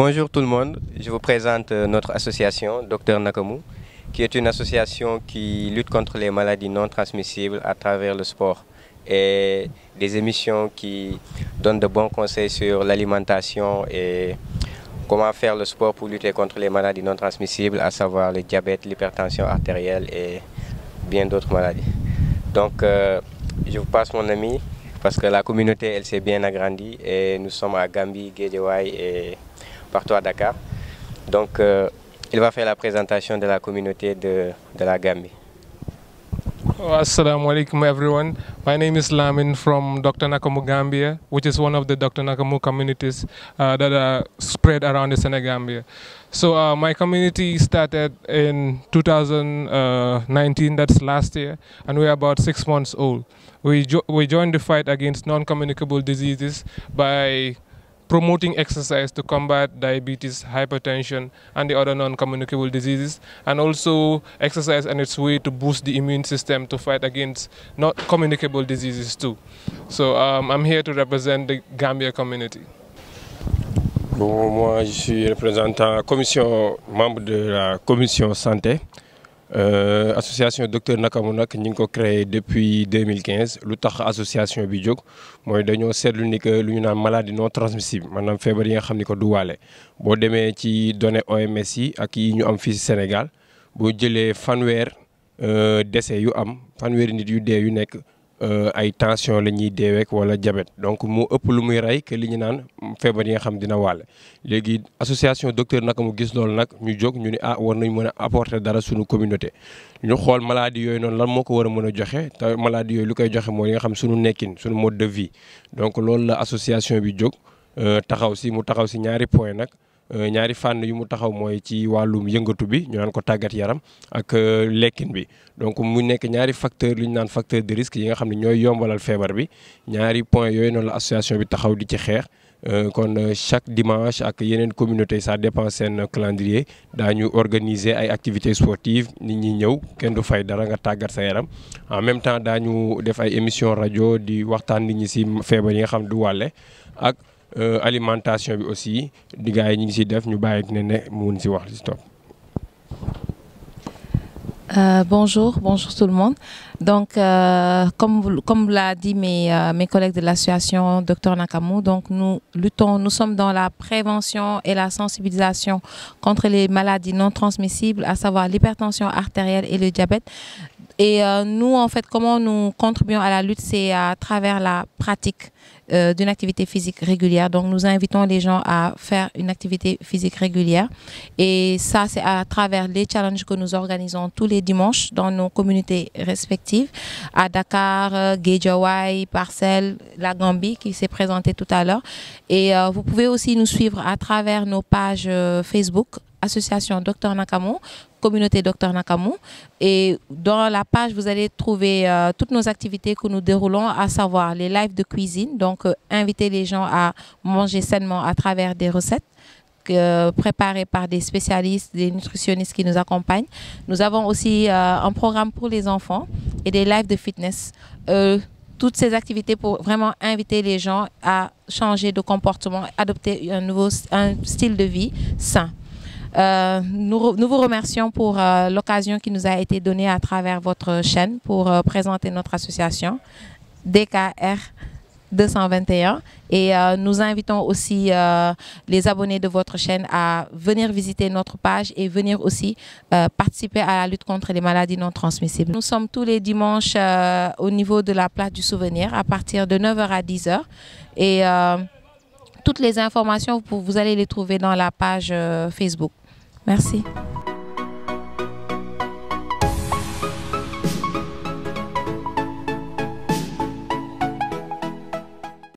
Bonjour tout le monde, je vous présente euh, notre association Docteur Nakamu, qui est une association qui lutte contre les maladies non transmissibles à travers le sport et des émissions qui donnent de bons conseils sur l'alimentation et comment faire le sport pour lutter contre les maladies non transmissibles, à savoir le diabète, l'hypertension artérielle et bien d'autres maladies. Donc, euh, je passe mon ami parce que la communauté, elle s'est bien agrandie et partout à Dakar. Donc, euh, va faire la présentation de la communauté de, Gambie. Assalamu alaikum Dr. Nakamu Gambia, which is one of the Dr. Nakamu communities uh, that spread around the Senegambia. So uh, my community started in 2019, that's last year, about six months old. We, joined the fight against non-communicable diseases promoting exercise to combat diabetes, hypertension, and the other non-communicable diseases, and also exercise and its way to boost the immune system to fight against communicable diseases too. So um, I'm here to represent the Gambia community. membre de la santé. Euh, association docteur mu nag ñi ngi ko créé depuis 2015 lu tax association bi jóg mooy dañoo seetlu ni que lu ñu naan maladie non transmissible maanaam feebar yi nga xam ni ko du waale boo demee ci données OMS yi ak yi ñu am fii senegal boo jëlee fanweer euh, décès yu am fanweer nit yu dee yu nekk. Euh, ay tension la ñuy deeweek wala jabet donc mu ëpp lu muy rey que li ñu naan feebar yi nga xam dina wàll léegi association docteur naka mu gis loolu nag ñu jóg ñu ni ah war nañ mën a apporter dara suñu communauté ñu xool maladie yooyu noonu lan moo ko war a mën a joxe te maladie yooyu lu koy joxe mooy li nga xam suñu nekkin suñu mode de vie donc loolu la association bi jóg euh, taxaw si mu taxaw si ñaari point nag Euh, ñaari fànn yu mu taxaw mooy ci wàllum yëngatu bi ñu naan ko tàggat yaram ak euh, lekkin bi donc mu nekk ñaari facteur li ñu naan facteur de risque yi nga xam ne ñooy yombalal feebar bi ñaari point yooyu noonu la association bi taxaw di ci xeex euh, kon chaque dimanche ak yeneen communauté ça dépend seen calendrier daañu organiser ay activités sportives nit ñi ñëw kenn du fay dara nga tàggat sa yaram en même temps daañu def ay émission rajo di waxtaan nit ñi si feebar yi nga xam du wàlle ak Euh, alimentation bi aussi di yi ñu ngi siy def ñu bàyyi ne ne mu mun si wax li si topp. Euh, bonjour, bonjour tout Donc, euh, comme, comme l'a dit mes, euh, mes collègues de l'association Dr Nakamu, donc nous luttons, nous sommes dans la prévention et la sensibilisation contre les maladies non transmissibles, à savoir l'hypertension artérielle et le diabète. Et euh, nous, en fait, comment nous contribuons à la lutte, c'est à travers la pratique euh, d'une activité physique régulière. Donc, nous invitons les gens à faire une activité physique régulière. Et ça, c'est à travers les challenges que nous organisons tous les dimanches dans nos communautés respectives, à Dakar, euh, Guédiawaye, Parcelles, la Gambie, qui s'est présentée tout à l'heure. Et euh, vous pouvez aussi nous suivre à travers nos pages euh, Facebook, association Docteur Nakamou, communauté Docteur Nakamou. Et dans la page, vous allez trouver euh, toutes nos activités que nous déroulons, à savoir les lives de cuisine, donc euh, inviter les gens à manger sainement à travers des recettes euh, préparées par des spécialistes, des nutritionnistes qui nous accompagnent. Nous avons aussi euh, un programme pour les enfants et des lives de fitness euh, toutes ces activités pour vraiment inviter les gens à changer de comportement, adopter un nouveau un style de vie sain. Euh, nous, nous, vous remercions pour euh, l'occasion qui nous a été donnée à travers votre chaîne pour euh, présenter notre association DKR 221 et euh, nous invitons aussi euh, les abonnés de votre chaîne à venir visiter notre page et venir aussi euh, participer à la lutte contre les maladies non transmissibles. Nous sommes tous les dimanches au niveau de la place du souvenir à partir de 9h à 10h et toutes les informations, vous, vous allez les trouver dans la page Facebook. Merci.